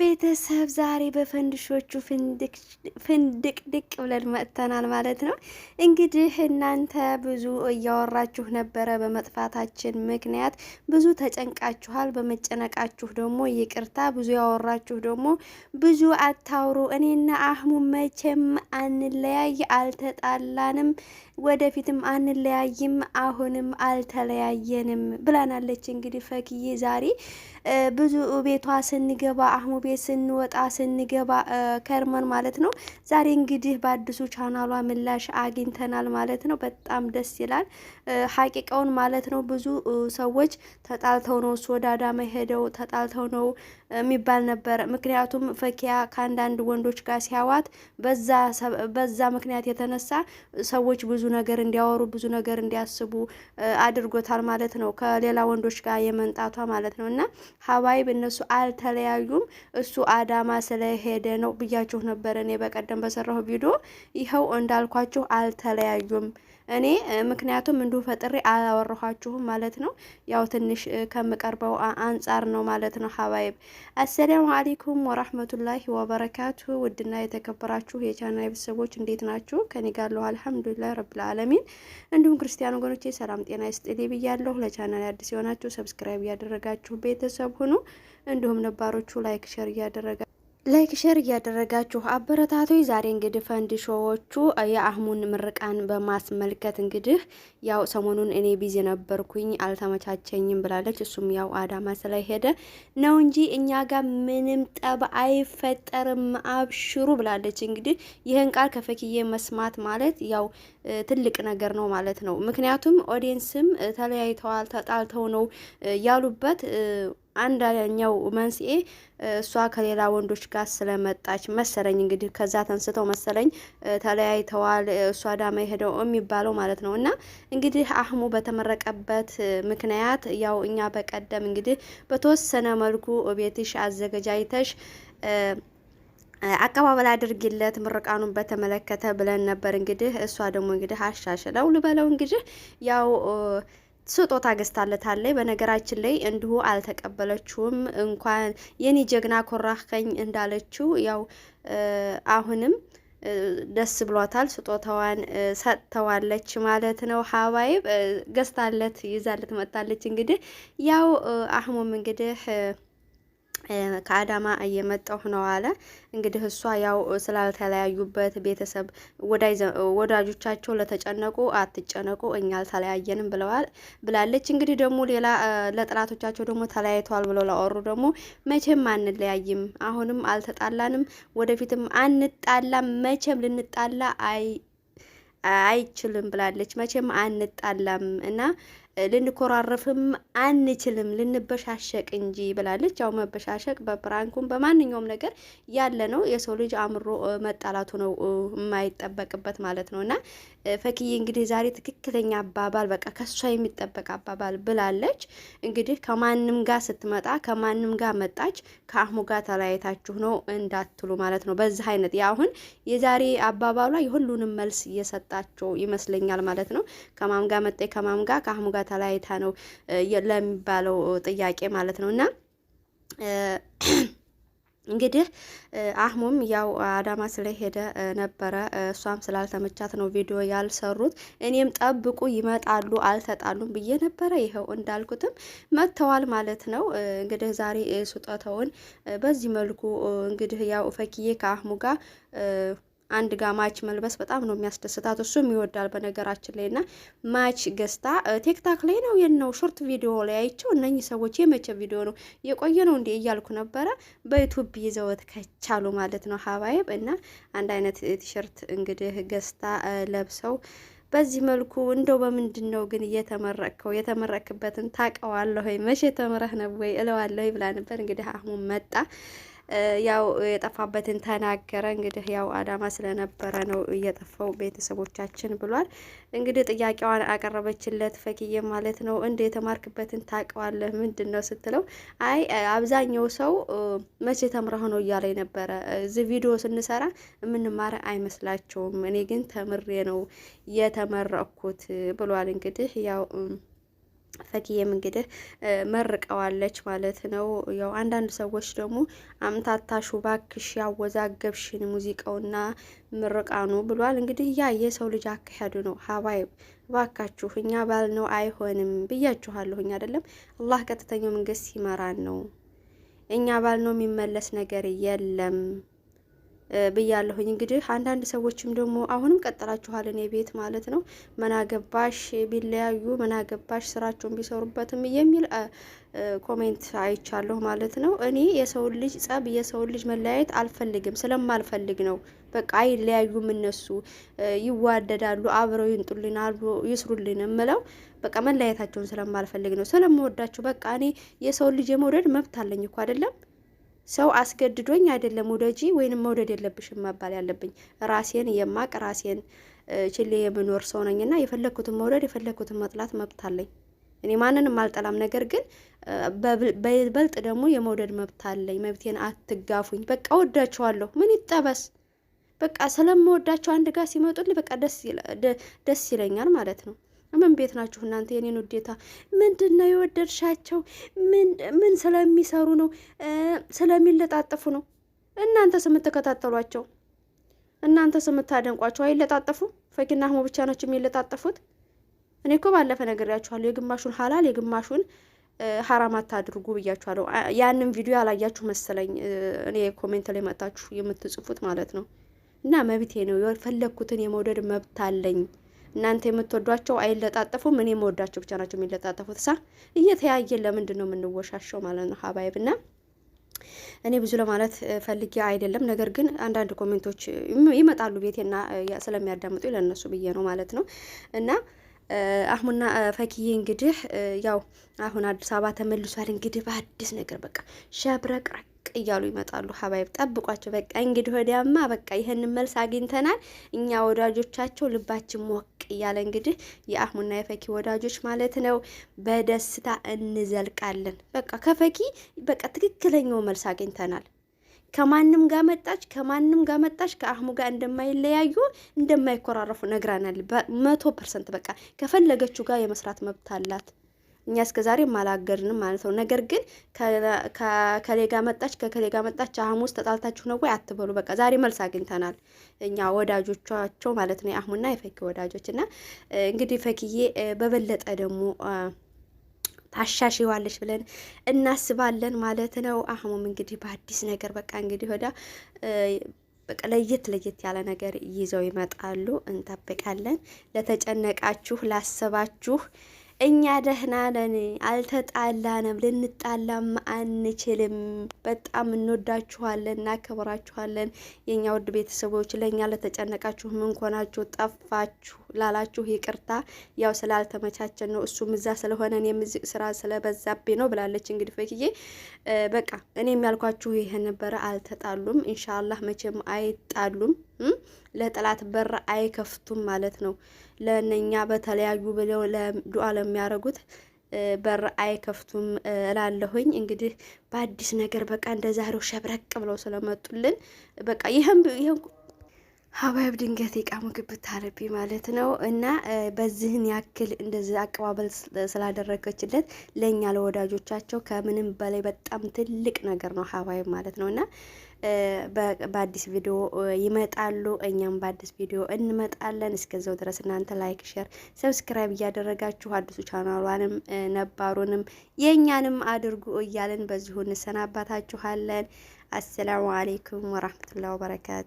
ቤተሰብ ዛሬ በፈንድሾቹ ፍንድቅ ድቅ ብለን መጥተናል ማለት ነው። እንግዲህ እናንተ ብዙ እያወራችሁ ነበረ። በመጥፋታችን ምክንያት ብዙ ተጨንቃችኋል። በመጨነቃችሁ ደግሞ ይቅርታ። ብዙ ያወራችሁ ደግሞ ብዙ አታውሩ። እኔና አህሙ መቼም አንለያይ፣ አልተጣላንም ወደፊትም አንለያይም፣ አሁንም አልተለያየንም ብላናለች። እንግዲህ ፈክዬ ዛሬ ብዙ ቤቷ ስንገባ አህሙ ቤት ስንወጣ ስንገባ ከርመን ማለት ነው። ዛሬ እንግዲህ በአዲሱ ቻናሏ ምላሽ አግኝተናል ማለት ነው። በጣም ደስ ይላል። ሀቂቀውን ማለት ነው። ብዙ ሰዎች ተጣልተው ነው እሱ ወደ አዳማ ሄደው ተጣልተው ነው የሚባል ነበር። ምክንያቱም ፈኪያ ከአንዳንድ ወንዶች ጋር ሲያዋት በዛ ምክንያት የተነሳ ሰዎች ብዙ ነገር እንዲያወሩ ብዙ ነገር እንዲያስቡ አድርጎታል ማለት ነው። ከሌላ ወንዶች ጋር የመንጣቷ ማለት ነው። እና ሀባይብ እነሱ አልተለያዩም። እሱ አዳማ ስለሄደ ነው ብያችሁ ነበር እኔ በቀደም በሰራሁ ቪዲዮ። ይኸው እንዳልኳችሁ አልተለያዩም። እኔ ምክንያቱም እንዱ ፈጥሬ አላወራኋችሁም ማለት ነው። ያው ትንሽ ከምቀርበው አንጻር ነው ማለት ነው። ሀባይብ አሰላሙ አሌይኩም ወራህመቱላሂ ወበረካቱ። ውድና የተከበራችሁ የቻና ቤተሰቦች እንዴት ናችሁ? ከኔ ጋር ለሁ አልሐምዱሊላህ ረብል አለሚን። እንዲሁም ክርስቲያን ወገኖቼ ሰላም ጤና ይስጥልኝ ብያለሁ። ለቻናል አዲስ የሆናችሁ ሰብስክራይብ እያደረጋችሁ ቤተሰብ ሁኑ። እንዲሁም ነባሮቹ ላይክ ሸር እያደረጋ ላይክ ሸር እያደረጋችሁ አበረታቶች። ዛሬ እንግዲህ ፈንድሾዎቹ የአህሙን ምርቃን በማስመልከት እንግዲህ ያው ሰሞኑን እኔ ቢዚ ነበርኩኝ አልተመቻቸኝም ብላለች። እሱም ያው አዳማ ስለሄደ ነው እንጂ እኛ ጋር ምንም ጠብ አይፈጠርም አብሽሩ ብላለች። እንግዲህ ይህን ቃል ከፈኪዬ መስማት ማለት ያው ትልቅ ነገር ነው ማለት ነው። ምክንያቱም ኦዲየንስም ተለያይተዋል ተጣልተው ነው ያሉበት አንደኛው መንስኤ እሷ ከሌላ ወንዶች ጋር ስለመጣች መሰለኝ። እንግዲህ ከዛ ተንስተው መሰለኝ ተለያይተዋል። እሷ ዳማ ሄደው የሚባለው ማለት ነው። እና እንግዲህ አህሙ በተመረቀበት ምክንያት ያው እኛ በቀደም እንግዲህ በተወሰነ መልኩ ቤትሽ አዘገጃጅተሽ አቀባበል አድርጊለት ምርቃኑን በተመለከተ ብለን ነበር። እንግዲህ እሷ ደግሞ እንግዲህ አሻሽለው ልበለው እንግዲህ ያው ስጦታ ገዝታለታለች። በነገራችን ላይ እንዲሁ አልተቀበለችውም። እንኳን የኔ ጀግና ኮራኸኝ እንዳለችው ያው አሁንም ደስ ብሏታል። ስጦታዋን ሰጥተዋለች ማለት ነው። ሀባይብ ገዝታለት ይዛለት መጣለች። እንግዲህ ያው አህሙም እንግዲህ ከአዳማ እየመጣሁ ነው አለ። እንግዲህ እሷ ያው ስላልተለያዩበት ቤተሰብ ወዳጆቻቸው ለተጨነቁ አትጨነቁ እኛ አልተለያየንም ብለዋል ብላለች። እንግዲህ ደግሞ ሌላ ለጥላቶቻቸው ደግሞ ተለያይተዋል ብለው ላወሩ ደግሞ መቼም አንለያይም፣ አሁንም አልተጣላንም፣ ወደፊትም አንጣላም፣ መቼም ልንጣላ አይ አይችልም ብላለች። መቼም አንጣላም እና ልንኮራረፍም አንችልም ልንበሻሸቅ እንጂ ብላለች። ያው መበሻሸቅ በፕራንኩም በማንኛውም ነገር ያለ ነው። የሰው ልጅ አእምሮ መጣላቱ ነው የማይጠበቅበት ማለት ነው። እና ፈክዬ እንግዲህ ዛሬ ትክክለኛ አባባል በቃ ከሷ የሚጠበቅ አባባል ብላለች። እንግዲህ ከማንም ጋር ስትመጣ ከማንም ጋር መጣች፣ ከአህሙ ጋር ተለያየታችሁ ነው እንዳትሉ ማለት ነው። በዚህ አይነት አሁን የዛሬ አባባሏ የሁሉንም መልስ እየሰጣቸው ይመስለኛል ማለት ነው። ከማም ጋር መጣ ከማም ጋር ከአህሙ ጋር ተለያይታ ነው ለሚባለው ጥያቄ ማለት ነው እና እንግዲህ አህሙም ያው አዳማ ስለሄደ ነበረ። እሷም ስላልተመቻት ነው ቪዲዮ ያልሰሩት። እኔም ጠብቁ ይመጣሉ አልተጣሉም ብዬ ነበረ። ይኸው እንዳልኩትም መጥተዋል ማለት ነው። እንግዲህ ዛሬ ስጦታውን በዚህ መልኩ እንግዲህ ያው ፈኪዬ ከአህሙ ጋር አንድ ጋር ማች መልበስ በጣም ነው የሚያስደስታት። እሱም ይወዳል በነገራችን ላይ እና ማች ገዝታ ቲክታክ ላይ ነው የነው ሾርት ቪዲዮ ላይ አይቼው እነኚህ ሰዎች የመቼ ቪዲዮ ነው የቆየ ነው እንዴ እያልኩ ነበረ። በዩቱብ ይዘወት ከቻሉ ማለት ነው ሀባይብ እና አንድ አይነት ቲሸርት እንግዲህ ገዝታ ለብሰው በዚህ መልኩ እንደው በምንድን ነው ግን እየተመረቅከው? የተመረክበትን ታውቀዋለሁ ወይ መቼ ተምረህ ነው ወይ እለዋለሁ ብላ ነበር። እንግዲህ አህሙን መጣ ያው የጠፋበትን ተናገረ። እንግዲህ ያው አዳማ ስለነበረ ነው እየጠፋው ቤተሰቦቻችን ብሏል። እንግዲህ ጥያቄዋን አቀረበችለት ፈኪዬ ማለት ነው። እንደ የተማርክበትን ታውቀዋለህ ምንድን ነው ስትለው፣ አይ አብዛኛው ሰው መቼ ተምረህ ነው እያለ ነበረ። እዚህ ቪዲዮ ስንሰራ የምንማረ አይመስላቸውም። እኔ ግን ተምሬ ነው የተመረኩት ብሏል። እንግዲህ ያው ፈኪዬም እንግዲህ መርቀዋለች ማለት ነው። ያው አንዳንድ ሰዎች ደግሞ አምታታሹ ባክሽ ያወዛገብሽን ሙዚቃውና ምርቃኑ ብሏል። እንግዲህ ያ የሰው ልጅ አካሄዱ ነው። ሀባይ ባካችሁ እኛ ባል ነው አይሆንም እኛ አይደለም። አላህ ቀጥተኛው መንግስት ሲመራን ነው። እኛ ባል ነው የሚመለስ ነገር የለም። ብያለሁኝ። እንግዲህ አንዳንድ ሰዎችም ደግሞ አሁንም ቀጥላችኋል እኔ ቤት ማለት ነው ምናገባሽ ቢለያዩ ምናገባሽ ስራቸውን ቢሰሩበትም የሚል ኮሜንት አይቻለሁ ማለት ነው። እኔ የሰው ልጅ ጸብ፣ የሰው ልጅ መለያየት አልፈልግም ስለማልፈልግ ነው። በቃ አይለያዩም እነሱ ይዋደዳሉ፣ አብረው ይንጡልን፣ አብሮ ይስሩልን እምለው በቃ መለያየታቸውን ስለማልፈልግ ነው። ስለምወዳቸው በቃ እኔ የሰው ልጅ የመውደድ መብት አለኝ እኮ አይደለም ሰው አስገድዶኝ አይደለም ውደጂ ወይንም መውደድ የለብሽም መባል ያለብኝ ራሴን የማቅ ራሴን ችሌ የምኖር ሰው ነኝና የፈለግኩትን መውደድ የፈለግኩትን መጥላት መብት አለኝ። እኔ ማንንም አልጠላም። ነገር ግን በይበልጥ ደግሞ የመውደድ መብት አለኝ። መብቴን አትጋፉኝ። በቃ ወዳቸዋለሁ። ምን ይጠበስ? በቃ ስለምወዳቸው አንድ ጋር ሲመጡልኝ በቃ ደስ ይለኛል ማለት ነው። ምን ቤት ናችሁ እናንተ? የኔን ውዴታ ምንድን ነው የወደድሻቸው? ምን ስለሚሰሩ ነው? ስለሚለጣጠፉ ነው? እናንተ ስምትከታተሏቸው፣ እናንተ ስምታደንቋቸው አይለጣጠፉ? ፈኪና አህሙ ብቻ ናቸው የሚለጣጠፉት? እኔ እኮ ባለፈ ነግሬያችኋለሁ። የግማሹን ሀላል የግማሹን ሀራም አታድርጉ ብያችኋለሁ። ያንን ቪዲዮ ያላያችሁ መሰለኝ እኔ ኮሜንት ላይ መጣችሁ የምትጽፉት ማለት ነው። እና መብቴ ነው የፈለግኩትን የመውደድ መብት አለኝ። እናንተ የምትወዷቸው አይለጣጠፉም። እኔ የምወዳቸው ብቻ ናቸው የሚለጣጠፉት። ሳ እየተያየን ለምንድን ነው የምንወሻሸው ማለት ነው ና እኔ ብዙ ለማለት ፈልጌ አይደለም። ነገር ግን አንዳንድ ኮሜንቶች ይመጣሉ ቤቴና ስለሚያዳምጡ ለነሱ ብዬ ነው ማለት ነው እና አህሙና ፈኪዬ እንግዲህ ያው አሁን አዲስ አበባ ተመልሷል። እንግዲህ በአዲስ ነገር በቃ ሸብረቅረቅ እያሉ ይመጣሉ። ሀባይብ ጠብቋቸው። በቃ እንግዲህ ወዲያማ በቃ ይህንን መልስ አግኝተናል እኛ ወዳጆቻቸው ልባችን ሞቅ እያለ እንግዲህ የአህሙና የፈኪ ወዳጆች ማለት ነው በደስታ እንዘልቃለን። በቃ ከፈኪ በቃ ትክክለኛው መልስ አግኝተናል። ከማንም ጋር መጣች ከማንም ጋር መጣች ከአህሙ ጋር እንደማይለያዩ እንደማይኮራረፉ ነግራናል። መቶ ፐርሰንት በቃ ከፈለገችው ጋር የመስራት መብት አላት። እኛ እስከ ዛሬ አላገድንም ማለት ነው። ነገር ግን ከከሌ ጋር መጣች ከከሌ ጋር መጣች ሐሙስ ተጣልታችሁ ነው ወይ አትበሉ። በቃ ዛሬ መልስ አግኝተናል እኛ ወዳጆቻቸው ማለት ነው የአህሙና የፈኪ ወዳጆች እና እንግዲህ ፈኪዬ በበለጠ ደግሞ ታሻሽዋለች ብለን እናስባለን ማለት ነው። አህሙም እንግዲህ በአዲስ ነገር በቃ እንግዲህ ወዳ በቃ ለየት ለየት ያለ ነገር ይዘው ይመጣሉ፣ እንጠብቃለን። ለተጨነቃችሁ ላሰባችሁ እኛ ደህና ነን፣ አልተጣላንም፣ ልንጣላም አንችልም። በጣም እንወዳችኋለን፣ እናከብራችኋለን። የእኛ ውድ ቤተሰቦች ለእኛ ለተጨነቃችሁ ምንኮናችሁ ጠፋችሁ። ላላችሁ ይቅርታ፣ ያው ስላልተመቻቸን ነው። እሱም እዛ ስለሆነ እኔም እዚህ ስራ ስለበዛብኝ ነው ብላለች። እንግዲህ ፈክዬ በቃ እኔ የሚያልኳችሁ ይሄ ነበረ። አልተጣሉም፣ ኢንሻአላህ መቼም አይጣሉም። ለጠላት በር አይከፍቱም ማለት ነው። ለነኛ በተለያዩ ብለው ለዱዓ ለሚያረጉት በር አይከፍቱም እላለሁኝ። እንግዲህ በአዲስ ነገር በቃ እንደ ዛሬው ሸብረቅ ብለው ስለመጡልን በቃ ይህም ሀባይብ ድንገት የቃ ምግብ ብታረቢ ማለት ነው። እና በዚህን ያክል እንደዚህ አቀባበል ስላደረገችለት ለእኛ ለወዳጆቻቸው ከምንም በላይ በጣም ትልቅ ነገር ነው ሀባይብ ማለት ነው። እና በአዲስ ቪዲዮ ይመጣሉ፣ እኛም በአዲስ ቪዲዮ እንመጣለን። እስከዛው ድረስ እናንተ ላይክ፣ ሼር፣ ሰብስክራይብ እያደረጋችሁ አዲሱ ቻናሏንም ነባሩንም የእኛንም አድርጉ እያለን በዚሁ እንሰናባታችኋለን። አሰላሙ አሌይኩም ወራህመቱላሂ ወበረካቱ።